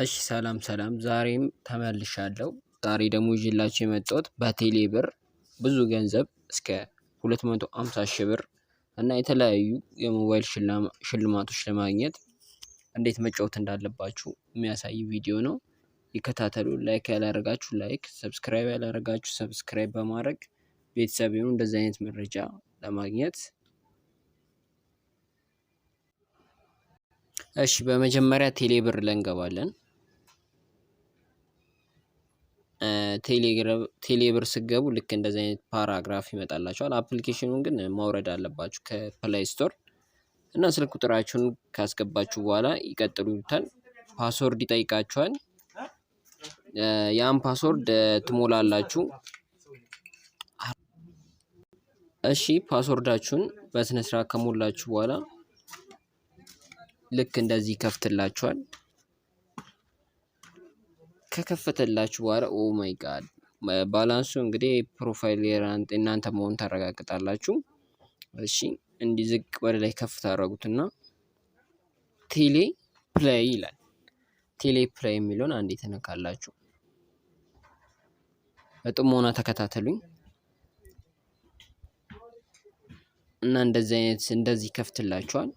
እሺ ሰላም ሰላም ዛሬም ተመልሻለሁ። ዛሬ ደግሞ ይዤላችሁ የመጣሁት በቴሌ ብር ብዙ ገንዘብ እስከ 250 ሺህ ብር እና የተለያዩ የሞባይል ሽልማቶች ለማግኘት እንዴት መጫወት እንዳለባችሁ የሚያሳይ ቪዲዮ ነው። ይከታተሉ። ላይክ ያላረጋችሁ ላይክ፣ ሰብስክራይብ ያላረጋችሁ ሰብስክራይብ በማድረግ ቤተሰብ ይሁኑ። እንደዚህ አይነት መረጃ ለማግኘት እሺ፣ በመጀመሪያ ቴሌ ብር እንገባለን። ቴሌብር ስገቡ ልክ እንደዚህ አይነት ፓራግራፍ ይመጣላቸዋል። አፕሊኬሽኑን ግን ማውረድ አለባችሁ ከፕላይ ስቶር እና ስልክ ቁጥራችሁን ካስገባችሁ በኋላ ይቀጥሉታል። ፓስወርድ ይጠይቃችኋል። ያን ፓስወርድ ትሞላላችሁ። እሺ ፓስወርዳችሁን በስነስርዓት ከሞላችሁ በኋላ ልክ እንደዚህ ይከፍትላችኋል። ከከፈተላችሁ በኋላ ኦ ማይ ጋድ ባላንሱ እንግዲህ ፕሮፋይል እናንተ መሆን ታረጋግጣላችሁ። እሺ እንዲህ ዝቅ ወደ ላይ ከፍ ታደረጉትና ቴሌ ፕላይ ይላል። ቴሌ ፕላይ የሚለውን አንዴ ተነካላችሁ። በጥሞና ተከታተሉኝ እና እንደዚህ አይነት እንደዚህ ይከፍትላችኋል።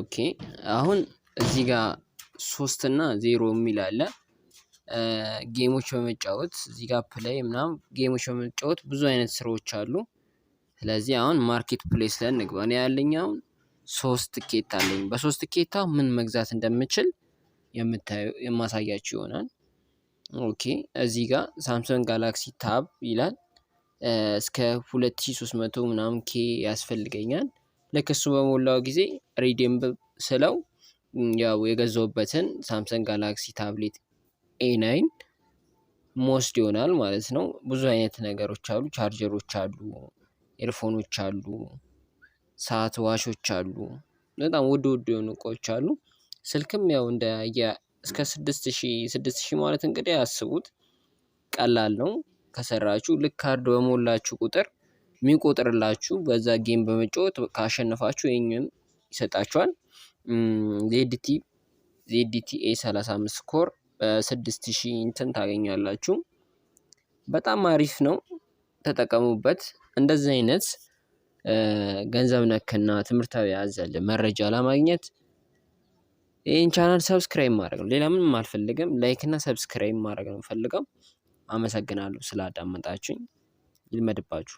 ኦኬ አሁን እዚህ ጋር ሶስት እና ዜሮ የሚል አለ። ጌሞች በመጫወት እዚህ ጋር ፕላይ ምናምን ጌሞች በመጫወት ብዙ አይነት ስራዎች አሉ። ስለዚህ አሁን ማርኬት ፕሌስ ላይ እንግባ። እኔ ያለኝ አሁን ሶስት ኬት አለኝ። በሶስት ኬታ ምን መግዛት እንደምችል የምታዩ የማሳያችሁ ይሆናል። ኦኬ እዚህ ጋር ሳምሰንግ ጋላክሲ ታብ ይላል እስከ 2300 ምናምን ኬ ያስፈልገኛል። ልክ እሱ በሞላው ጊዜ ሪዲም ስለው ያው የገዛውበትን ሳምሰንግ ጋላክሲ ታብሌት ኤ ናይን ሞስድ ይሆናል ማለት ነው። ብዙ አይነት ነገሮች አሉ። ቻርጀሮች አሉ፣ ኤርፎኖች አሉ፣ ሰዓት ዋሾች አሉ። በጣም ውድ ውድ የሆኑ እቃዎች አሉ። ስልክም ያው እንደ እስከ ስድስት ሺ ስድስት ሺ ማለት እንግዲህ አስቡት፣ ቀላል ነው ከሰራችሁ ልክ ካርድ በሞላችሁ ቁጥር የሚቆጥርላችሁ በዛ ጌም በመጫወት ካሸነፋችሁ ይህንም ይሰጣችኋል። ዜድቲ ዜድቲ ኤ 35 ስኮር በስድስት ሺህ እንትን ታገኛላችሁ። በጣም አሪፍ ነው፣ ተጠቀሙበት። እንደዚህ አይነት ገንዘብ ነክና ትምህርታዊ ያዘለ መረጃ ለማግኘት ይህን ቻናል ሰብስክራይብ ማድረግ ነው። ሌላ ምንም አልፈልግም። ላይክና ሰብስክራይብ ማድረግ ነው ፈልገው። አመሰግናለሁ ስላዳመጣችሁኝ። ይልመድባችሁ።